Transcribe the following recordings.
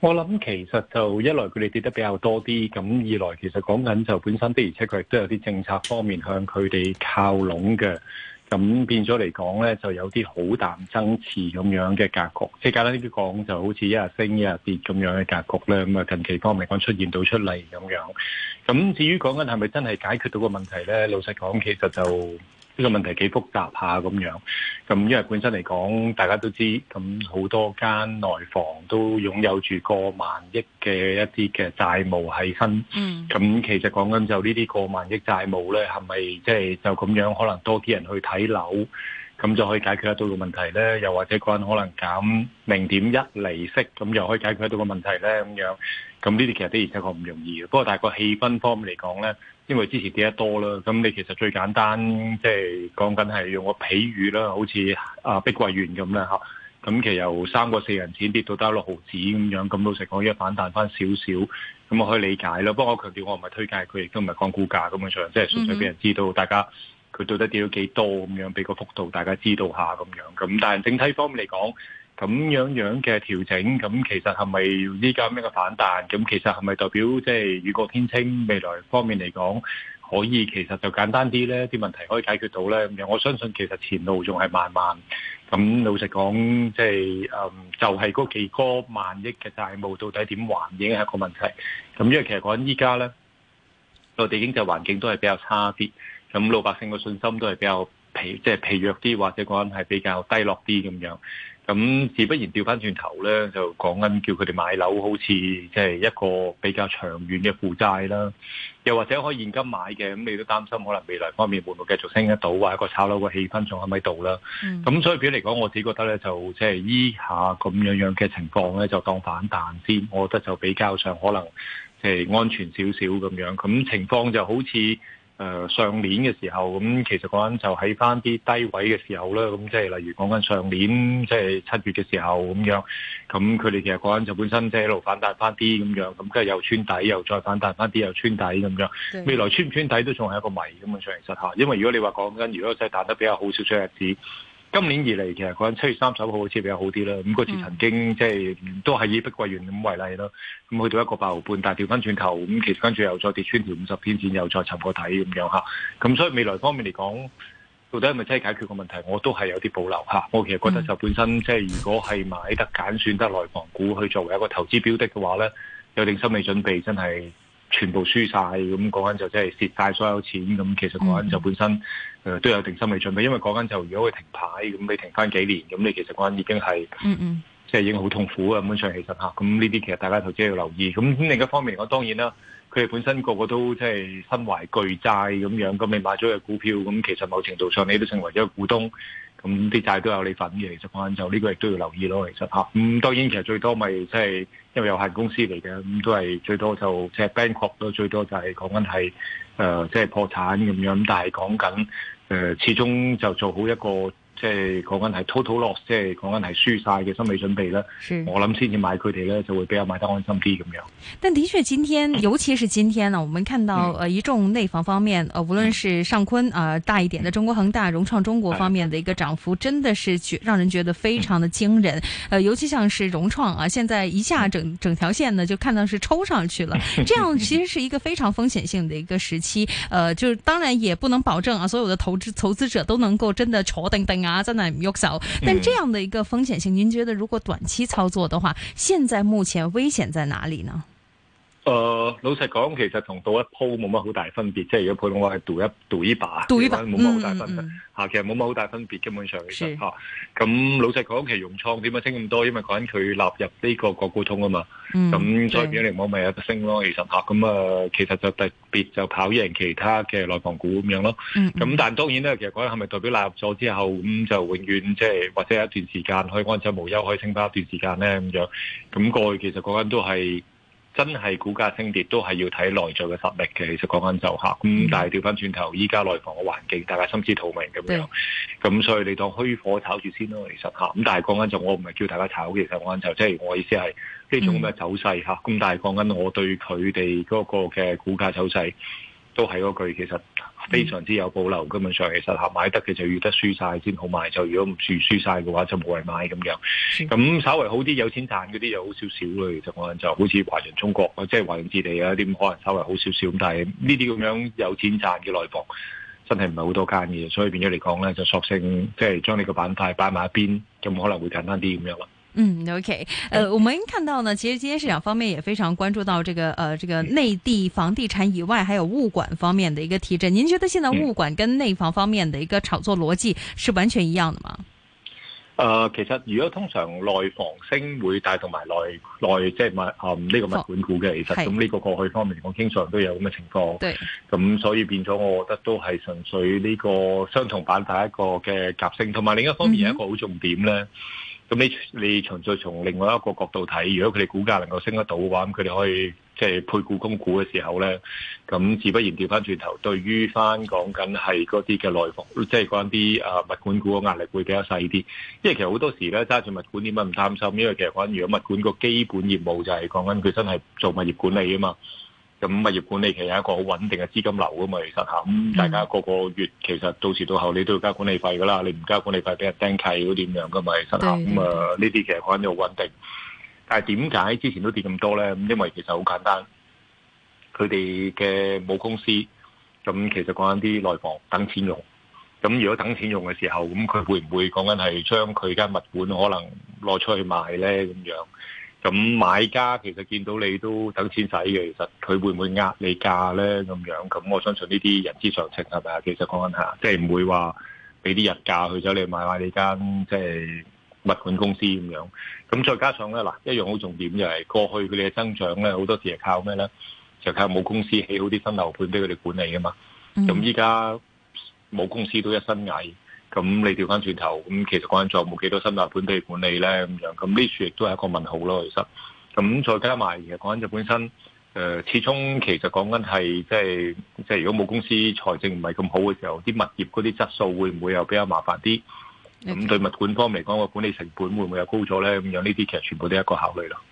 我諗其實就一來佢哋跌得比較多啲，咁二來其實講緊就本身的，而且佢亦都有啲政策方面向佢哋靠攏嘅，咁變咗嚟講呢，就有啲好淡爭持咁樣嘅格局，即係簡單啲講，就好似一日升一日跌咁樣嘅格局呢。咁啊近期方面講出現到出嚟咁樣，咁至於講緊係咪真係解決到個問題呢？老實講，其實就。呢個問題幾複雜下咁樣，咁因為本身嚟講，大家都知咁好多間內房都擁有住過萬億嘅一啲嘅債務喺身。嗯，咁其實講緊就呢啲過萬億債務咧，係咪即係就咁樣可能多啲人去睇樓，咁就可以解決得到個問題咧？又或者個人可能減零點一厘息，咁又可以解決得到個問題咧？咁樣，咁呢啲其實的確唔容易嘅。不過大個氣氛方面嚟講咧。因為之前跌得多啦，咁你其實最簡單即係講緊係用個比喻啦，好似啊碧桂園咁啦嚇，咁其實由三個四人錢跌到得六毫子咁樣，咁老實講一反彈翻少少，咁我可以理解啦。不過我強調我唔係推介佢，亦都唔係講股價咁樣上，即係純粹俾人知道大家佢到底跌咗幾多咁樣，俾個幅度大家知道下咁樣。咁但係整體方面嚟講。咁樣樣嘅調整，咁其實係咪依家咩嘅反彈？咁其實係咪代表即係雨過天青？未來方面嚟講，可以其實就簡單啲咧，啲問題可以解決到咧。咁樣我相信其實前路仲係漫漫。咁老實講，即係誒，就係嗰幾個萬億嘅債務到底點還已經係一個問題。咁因為其實講依家咧，內地經濟環境都係比較差啲，咁老百姓嘅信心都係比較疲，即係疲弱啲，或者講係比較低落啲咁樣。咁自不然掉翻轉頭咧，就講緊叫佢哋買樓，好似即係一個比較長遠嘅負債啦。又或者可以現金買嘅，咁你都擔心可能未來方面會唔會繼續升得到，或者一個炒樓嘅氣氛仲喺咪度到啦？咁、嗯、所以，表嚟講，我自己覺得咧，就即係依下咁樣樣嘅情況咧，就當反彈先。我覺得就比較上可能即係安全少少咁樣。咁情況就好似。誒、呃、上年嘅時候，咁、嗯、其實講緊就喺翻啲低位嘅時候啦。咁、嗯、即係例如講緊上年即係七月嘅時候咁樣，咁佢哋其實講緊就本身即係一路反彈翻啲咁樣，咁跟住又穿底，又再反彈翻啲，又穿底咁樣。未來穿唔穿底都仲係一個謎咁上其實下，因為如果你話講緊，如果真係彈得比較好少少日子。今年以嚟，其實講緊七月三十號好似比較好啲啦。咁嗰次曾經、嗯、即係都係以碧桂園咁為例咯。咁去到一個八毫半，但係調返翻轉頭，咁其實跟住又再跌穿條五十天線，又再沉個底咁樣吓，咁所以未來方面嚟講，到底係咪真係解決個問題？我都係有啲保留吓，我其實覺得就本身即係如果係買得揀選得內房股，去作為一個投資標的嘅話咧，有定心理準備，真係全部輸晒。咁講緊就真係蝕晒所有錢咁。其實講緊就本身。都有定心理準備，因為講緊就如果佢停牌，咁你停翻幾年，咁你其實講緊已經係，嗯嗯即係已經好痛苦啊！咁上其實嚇，咁呢啲其實大家投資要留意。咁另一方面，我當然啦，佢哋本身個個都即係身懷巨債咁樣，咁你買咗嘅股票，咁其實某程度上你都成為咗個股東，咁啲債都有你份嘅。其實講緊就呢個亦都要留意咯。其實嚇，咁當然其實最多咪即係因為有限公司嚟嘅，咁都係最多就即係 bankrupt 咯。最多就係講緊係誒即係破產咁樣，但係講緊。誒，始終就做好一個。即係講緊係 total loss，即係講緊係輸晒嘅心理準備啦。是我諗先至買佢哋咧，就會比較買得安心啲咁樣。但的確，今天 尤其是今天呢，我們看到，呃，一眾內房方面，呃，無論是上坤啊，大一點的中國恒大、融 創中國方面的一個漲幅，真的是覺讓人覺得非常的驚人。呃， 尤其像是融創啊，現在一下整整條線呢，就看到是抽上去了。這樣其實是一個非常風險性的一個時期。 呃，就是當然也不能保證啊，所有的投資投資者都能夠真的炒登登啊。啊，真係唔郁手，但這樣的一個風險性，您覺得如果短期操作的話，現在目前危險在哪裏呢？誒、呃，老實講，其實同賭一鋪冇乜好大分別，即係如果普通話係賭一賭一把，賭一把冇乜好大分別吓，嗯嗯、其實冇乜好大分別，基本上其實吓。咁是、啊、老實講，其實融創點解升咁多？因為講緊佢納入呢個國股通啊嘛。咁、嗯嗯、再變嚟講，咪有，有得升咯，其實吓。咁啊，其實就特別就跑贏其他嘅內房股咁樣咯。咁、嗯、但當然咧，其實講緊係咪代表納入咗之後，咁就永遠即係或者係一段時間可以安枕無憂，可以升翻一段時間咧咁樣？咁過去其實講緊都係。真係股價升跌都係要睇內在嘅實力嘅，其實講緊就下，咁、mm。Hmm. 但係調翻轉頭，依家內房嘅環境，大家心知肚明咁樣，咁、mm hmm. 所以你當虛火炒住先咯。其實下，咁，但係講緊就我唔係叫大家炒嘅，其實講緊就即係我意思係呢種嘅走勢下。咁、mm hmm. 但係講緊我對佢哋嗰個嘅股價走勢都係嗰句其實。非常之有保留，根本上其實買得嘅就要得輸晒先好買，就如果唔輸輸晒嘅話，就冇人買咁樣。咁稍微好啲有錢賺嗰啲又好少少，其實可能就好似華潤中國，即係華潤置地啊啲，可能稍微好少少。但係呢啲咁樣有錢賺嘅內房，真係唔係好多間嘅，所以變咗嚟講咧，就索性即係將呢個板塊擺埋一邊，咁可能會簡單啲咁樣。嗯，OK，uh, mm hmm. 呃我們已經看到呢，其實今天市場方面也非常關注到這個，呃這個內地房地產以外，mm hmm. 還有物管方面的一個提振。您覺得現在物管跟內房方面的一個炒作邏輯是完全一樣的嗎？呃，其實如果通常內房升會帶動埋內內即係物，呢、呃這個物管股嘅，oh, 其實咁呢個過去方面我經常都有咁嘅情況。對，咁所以變咗，我覺得都係純粹呢個相同板塊一個嘅夾升，同埋另一方面有一個好重點咧。Mm hmm. 咁你你純粹從另外一個角度睇，如果佢哋股價能夠升得到嘅話，咁佢哋可以即係、就是、配股供股嘅時候咧，咁自不然調翻轉頭，對於翻講緊係嗰啲嘅內房，即係講緊啲啊物管股嘅壓力會比較細啲。因為其實好多時咧揸住物管點解唔擔心，因為其實講緊如果物管個基本業務就係講緊佢真係做物業管理啊嘛。咁物業管理其實有一個好穩定嘅資金流啊嘛，其實吓、嗯、大家個個月其實到時到後你都要交管理費噶啦，你唔交管理費俾人掟契嗰點樣噶嘛，嗯、其實吓咁啊呢啲其實講緊好穩定。但係點解之前都跌咁多咧？咁因為其實好簡單，佢哋嘅母公司，咁其實講緊啲內房等錢用。咁如果等錢用嘅時候，咁佢會唔會講緊係將佢間物管可能攞出去賣咧？咁樣？咁買家其實見到你都等錢使嘅，其實佢會唔會呃你價咧咁樣？咁我相信呢啲人之常情係咪啊？其實講緊下，即係唔會話俾啲日價去咗你買埋你間即係物管公司咁樣。咁再加上咧嗱，一樣好重點就係過去佢哋嘅增長咧，好多時係靠咩咧？就靠母公司起好啲新樓盤俾佢哋管理㗎嘛。咁依家母公司都一身蟻。咁你調翻轉頭，咁其實講緊仲有冇幾多新大本地管理咧，咁樣咁呢處亦都係一個問號咯。其實，咁再加埋其實講緊就本身，誒、呃、始終其實講緊係即係即係如果冇公司財政唔係咁好嘅時候，啲物業嗰啲質素會唔會又比較麻煩啲？咁對物管方嚟講，個管理成本會唔會又高咗咧？咁樣呢啲其實全部都係一個考慮咯。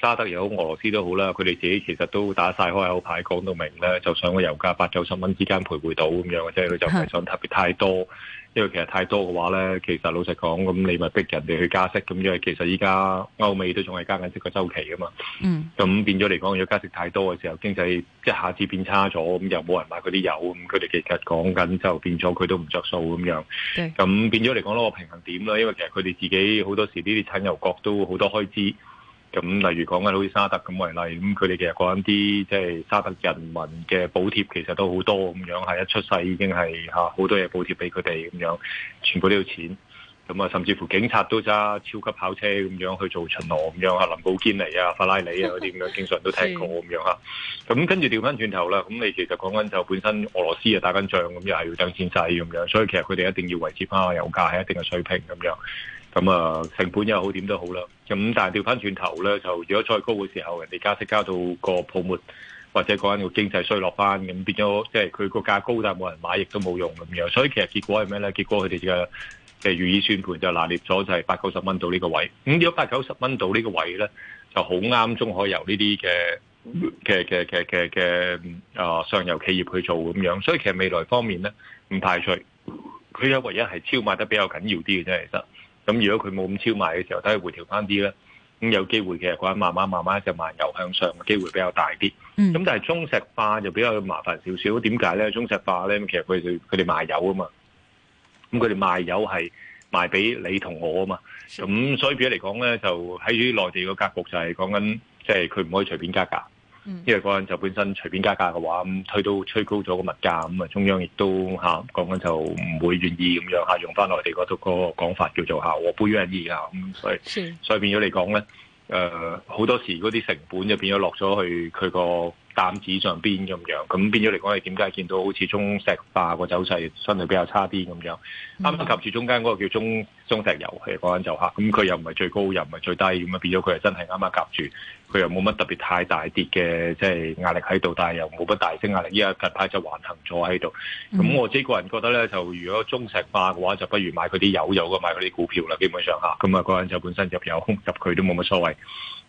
沙特又好，俄羅斯都好啦，佢哋自己其實都打晒開口牌，講到明咧，就上個油價八九十蚊之間徘徊到咁樣嘅即係，佢就唔係想特別太多，是的 因為其實太多嘅話咧，其實老實講，咁你咪逼人哋去加息，咁因為其實依家歐美都仲係加緊息嘅周期啊嘛。嗯，咁變咗嚟講，如果加息太多嘅時候，經濟一下子變差咗，咁又冇人買嗰啲油，咁佢哋其實講緊就變咗佢都唔着數咁樣。咁是的 變咗嚟講，攞、個平衡點啦，因為其實佢哋自己好多時呢啲產油國都好多開支。咁例如講緊好似沙特咁為例，咁佢哋其實講緊啲即係沙特人民嘅補貼，其實都好多咁樣，係一出世已經係嚇好多嘢補貼俾佢哋咁樣，全部都要錢。咁啊，甚至乎警察都揸超級跑車咁樣去做巡邏咁樣啊，林寶堅尼啊，法拉利啊嗰啲咁樣，經常都聽過咁樣嚇。咁 是跟住調翻轉頭啦，咁你其實講緊就本身俄羅斯啊打緊仗咁，又係要等錢使咁樣，所以其實佢哋一定要維持翻個油價喺一定嘅水平咁樣。咁啊、嗯，成本又好，點都好啦。咁但係掉翻轉頭咧，就如果再高嘅時候，人哋加息加到個泡沫，或者嗰人個經濟衰落翻，咁、嗯、變咗即係佢個價高但係冇人買，亦都冇用咁樣。所以其實結果係咩咧？結果佢哋嘅如意算盤就拿捏咗就係八九十蚊到呢個位。咁、嗯、如果八九十蚊到呢個位咧，就好啱中海油呢啲嘅嘅嘅嘅嘅嘅上游企業去做咁樣。所以其實未來方面咧唔排除，佢有唯一係超買得比較緊要啲嘅啫，其實咁如果佢冇咁超賣嘅時候，睇下回調翻啲啦。咁有機會嘅話，慢慢慢慢就慢牛向上嘅機會比較大啲。咁但係中石化就比較麻煩少少。點解咧？中石化咧，其實佢哋佢哋賣油啊嘛。咁佢哋賣油係賣俾你同我啊嘛。咁所以而家嚟講咧，就喺內地個格局就係講緊，即係佢唔可以隨便加價。因為嗰陣就本身隨便加價嘅話，咁推到推高咗個物價，咁啊中央亦都嚇、啊、講緊就唔會願意咁樣用翻內地嗰度、嗰個講、嗰個、法叫做嚇和盤一致啊，咁所以的所以變咗嚟講咧，誒、呃、好多時嗰啲成本就變咗落咗去佢個擔子上邊咁樣，咁變咗嚟講，你點解見到好似中石化個走勢相對比較差啲咁樣？啱啱夾住中間嗰個叫中中石油嗰、那個、陣就嚇，咁佢又唔係最高，又唔係最低，咁啊變咗佢係真係啱啱夾住。佢又冇乜特別太大跌嘅，即係壓力喺度，但係又冇乜大升壓力。依家近排就橫行咗喺度。咁我自己個人覺得咧，就如果中石化嘅話，就不如買佢啲油，有嘅買啲股票啦。基本上嚇，咁啊嗰陣就本身入油入佢都冇乜所謂。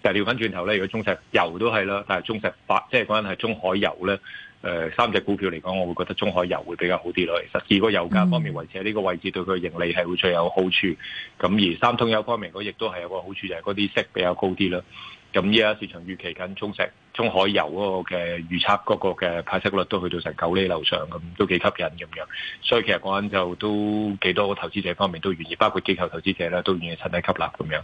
但係調翻轉頭咧，如果中石油都係啦，但係中石化即係嗰陣係中海油咧，誒、呃、三隻股票嚟講，我會覺得中海油會比較好啲咯。其實如果油價方面維持喺呢個位置，對佢盈利係會最有好處。咁而三桶油方面，亦都係有個好處，就係嗰啲息比較高啲啦。咁依家市場預期緊中石、中海油嗰個嘅預測嗰個嘅派息率都去到成九厘樓上咁，都幾吸引咁樣。所以其實講緊就都幾多個投資者方面都願意，包括機構投資者啦，都願意趁低吸納咁樣。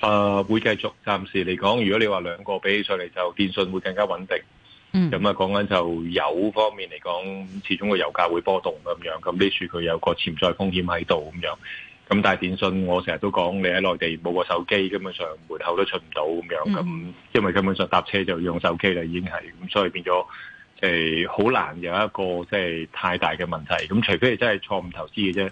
誒、呃，會繼續，暫時嚟講，如果你話兩個比起上嚟，就電信會更加穩定。嗯，咁啊、嗯、講、嗯、緊就油方面嚟講，始終個油價會波動咁樣，咁呢處佢有個潛在風險喺度咁樣。咁但係電信，我成日都講，你喺內地冇個手機，根本上門口都出唔到咁樣。咁因為根本上搭車就用手機啦，已經係咁，所以變咗誒、好、呃、難有一個即係太大嘅問題。咁除非你真係錯誤投資嘅啫。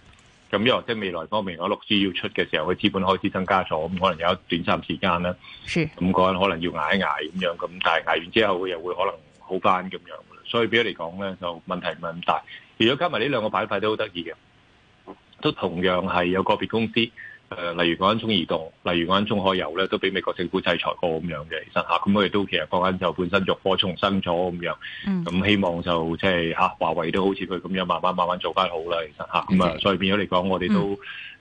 咁因為即係未來方面，可能六 G 要出嘅時候，佢資本開始增加咗，咁可能有一短暫時間咧，咁嗰陣可能要捱一捱咁樣，咁但係捱完之後又會可能好返咁樣，所以比較嚟講咧，就問題唔係咁大。如果加埋呢兩個板塊都好得意嘅，都同樣係有個別公司。誒、呃，例如嗰間中移動，例如嗰間中海油咧，都俾美國政府制裁過咁樣嘅，其實嚇，咁我哋都其實講緊就本身浴火重生咗咁樣，咁、嗯、希望就即係嚇，華為都好似佢咁樣，慢慢慢慢做翻好啦，其實嚇，咁啊，所以變咗嚟講，我哋都。嗯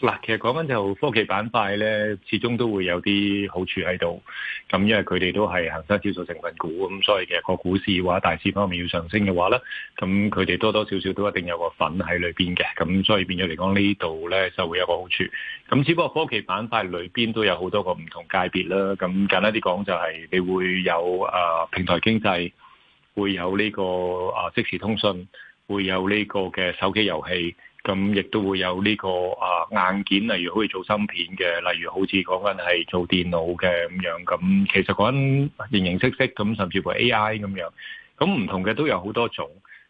嗱，其實講緊就科技板塊咧，始終都會有啲好處喺度。咁因為佢哋都係恒生指數成分股，咁所以其實個股市話大市方面要上升嘅話咧，咁佢哋多多少少都一定有個份喺裏邊嘅。咁所以變咗嚟講，呢度咧就會有個好處。咁只不過科技板塊裏邊都有好多個唔同界別啦。咁簡單啲講就係，你會有啊平台經濟，會有呢個啊即時通訊，會有呢個嘅手機遊戲。咁亦都會有呢、這個啊硬件，例如可以做芯片嘅，例如好似講緊係做電腦嘅咁樣。咁其實講緊形形色色咁，甚至乎 AI 咁樣。咁唔同嘅都有好多種。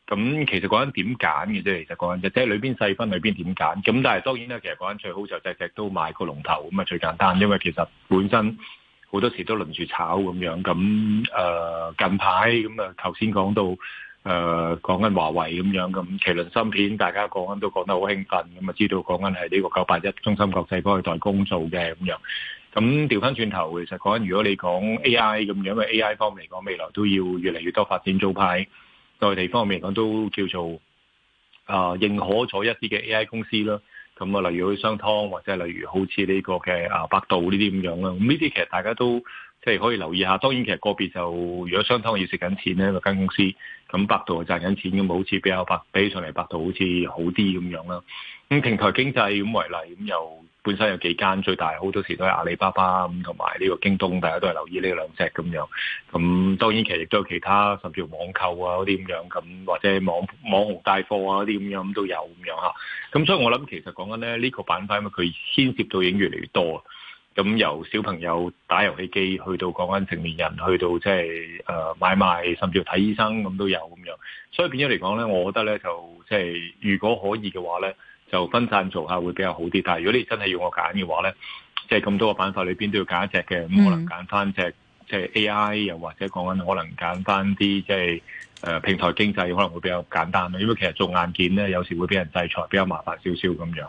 咁其實講緊點揀嘅啫，其實講緊即係裏邊細分裏邊點揀。咁但係當然啦，其實講緊最好就隻隻都買個龍頭咁啊，最簡單，因為其實本身好多時都輪住炒咁樣。咁誒、呃、近排咁啊，頭先講到。誒，講緊華為咁樣，咁，麒麟芯片大家講緊都講得好興奮咁啊！知道講緊係呢個九八一中芯國際嗰個代工做嘅咁樣。咁調翻轉頭，其實講緊如果你講 A I 咁樣，因為 A I 方面嚟講，未來都要越嚟越多發展組牌，內地方面嚟講都叫做啊認可咗一啲嘅 A I 公司啦。咁啊，例如好似商湯或者係例如好似呢個嘅啊百度呢啲咁樣啦。咁呢啲其實大家都。即係可以留意下，當然其實個別就如果商湯要蝕緊錢咧，嗰間公司咁百度係賺緊錢咁，好似比較百比起上嚟，百度好似好啲咁樣啦。咁平台經濟咁為例，咁又本身有幾間最大，好多時都係阿里巴巴咁同埋呢個京東，大家都係留意呢兩隻咁樣。咁當然其實亦都有其他，甚至網購啊嗰啲咁樣，咁或者網網紅帶貨啊嗰啲咁樣咁都有咁樣嚇。咁所以我諗其實講緊咧呢、呢個板塊佢牽涉到已經越嚟越多。咁由小朋友打遊戲機，去到講緊成年人，去到即係誒買賣，甚至睇醫生咁都有咁樣。所以變咗嚟講咧，我覺得咧就即係、就是、如果可以嘅話咧，就分散做下會比較好啲。但係如果你真係要我揀嘅話咧，即係咁多個板塊裏邊都要揀一隻嘅，嗯嗯、咁可能揀翻隻即係 AI，又或者講緊可能揀翻啲即係誒平台經濟可能會比較簡單。因為其實做硬件咧，有時會俾人制裁，比較麻煩少少咁樣。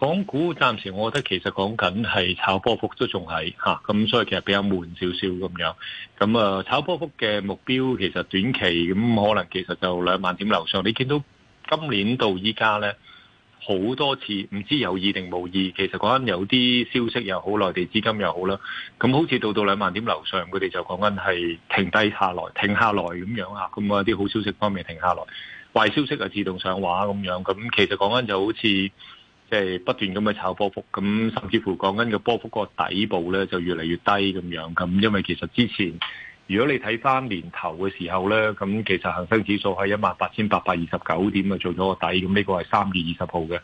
港股暫時我覺得其實講緊係炒波幅都仲係吓，咁所以其實比較悶少少咁樣。咁啊，炒波幅嘅目標其實短期咁可能其實就兩萬點樓上，你見到今年到依家呢好多次，唔知有意定無意，其實講緊有啲消息又好，內地資金又好啦。咁好似到到兩萬點樓上，佢哋就講緊係停低下來，停下來咁樣啊。咁啊，啲好消息方面停下來，壞消息啊自動上畫咁樣。咁其實講緊就好似。即係不斷咁去炒波幅，咁甚至乎講緊個波幅個底部咧，就越嚟越低咁樣。咁因為其實之前，如果你睇翻年頭嘅時候咧，咁其實恒生指數係一萬八千八百二十九點啊，做咗個底。咁呢個係三月二十號嘅。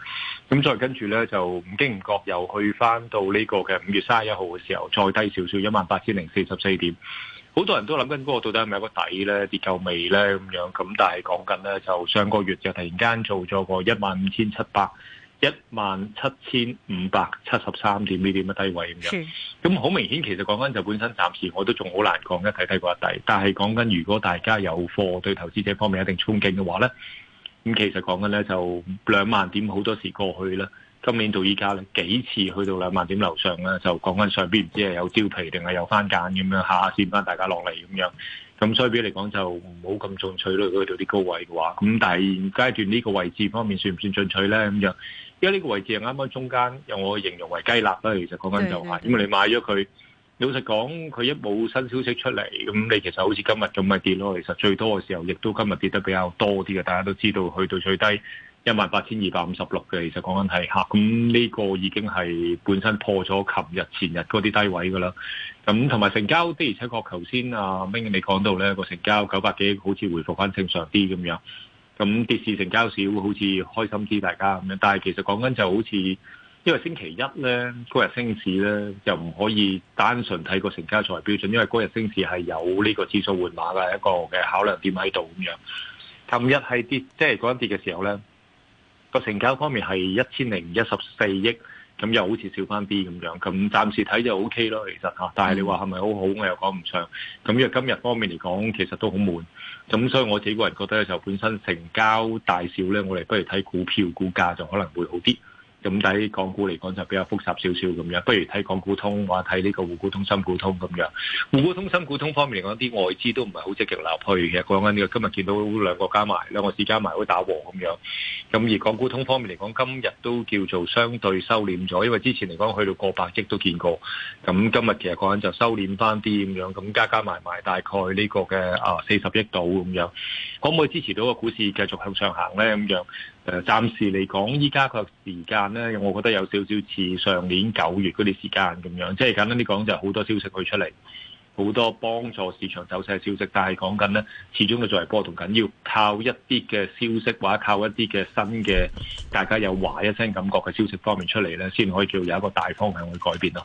咁再跟住咧，就唔經唔覺又去翻到呢個嘅五月三十一號嘅時候，再低少少一萬八千零四十四點。好多人都諗緊，嗰個到底係咪有個底咧？跌夠未咧？咁樣咁，但係講緊咧，就上個月就突然間做咗個一萬五千七百。一萬七千五百七十三點呢啲咁嘅低位咁樣，咁好是明顯其實講緊就本身暫時我都仲好難講一睇低過一低，但係講緊如果大家有貨對投資者方面一定憧憬嘅話咧，咁其實講緊咧就兩萬點好多時過去啦，今年到依家咧幾次去到兩萬點樓上咧，就講緊上邊唔知係有蕉皮定係有返揀咁樣，下下先幫大家落嚟咁樣，咁所以比你講就唔好咁進取咯，去到啲高位嘅話，咁但係階段呢個位置方面算唔算進取咧咁樣？而家呢個位置係啱啱中間，由我形容為雞肋啦。其實講緊就係、是，是的因為你買咗佢，你老實講，佢一冇新消息出嚟，咁你其實好似今日咁咪跌咯。其實最多嘅時候，亦都今日跌得比較多啲嘅。大家都知道，去到最低一萬八千二百五十六嘅。其實講緊係嚇，咁呢個已經係本身破咗琴日前日嗰啲低位噶啦。咁同埋成交的而且確頭先啊 Ming 你講到咧，個成交九百幾，好似回復翻正常啲咁樣。咁跌市成交少，好似開心啲大家咁樣。但係其實講緊就好似，因為星期一咧，嗰日升市咧，就唔可以單純睇個成交作為標準，因為嗰日升市係有呢個指數換碼嘅一個嘅考量點喺度咁樣。琴日係跌，即係講緊跌嘅時候咧，個成交方面係一千零一十四億。咁又好似少翻啲咁樣，咁暫時睇就 OK 咯，其實但係你話係咪好好，我又講唔上。咁因為今日方面嚟講，其實都好悶。咁所以我自己個人覺得就本身成交大少呢，我哋不如睇股票估價就可能會好啲。咁睇港股嚟講就比較複雜少少咁樣，不如睇港股通或睇呢個滬股通、深股通咁樣。滬股通、深股通方面嚟講，啲外資都唔係好積極落去。其實講緊呢個今日見到兩個加埋兩個市加埋好打和咁樣。咁而港股通方面嚟講，今日都叫做相對收斂咗，因為之前嚟講去到過百億都見過。咁今日其實講緊就收斂翻啲咁樣，咁加加埋埋大概呢個嘅啊四十億度咁樣，可唔可以支持到個股市繼續向上行咧咁樣？暫時嚟講，依家個時間呢，我覺得有少少似上年九月嗰啲時間咁樣，即係簡單啲講，就係好多消息會出嚟，好多幫助市場走勢嘅消息，但係講緊呢，始終都作為波動緊，要靠一啲嘅消息或者靠一啲嘅新嘅，大家有話一聲感覺嘅消息方面出嚟呢，先可以叫有一個大方向去改變咯。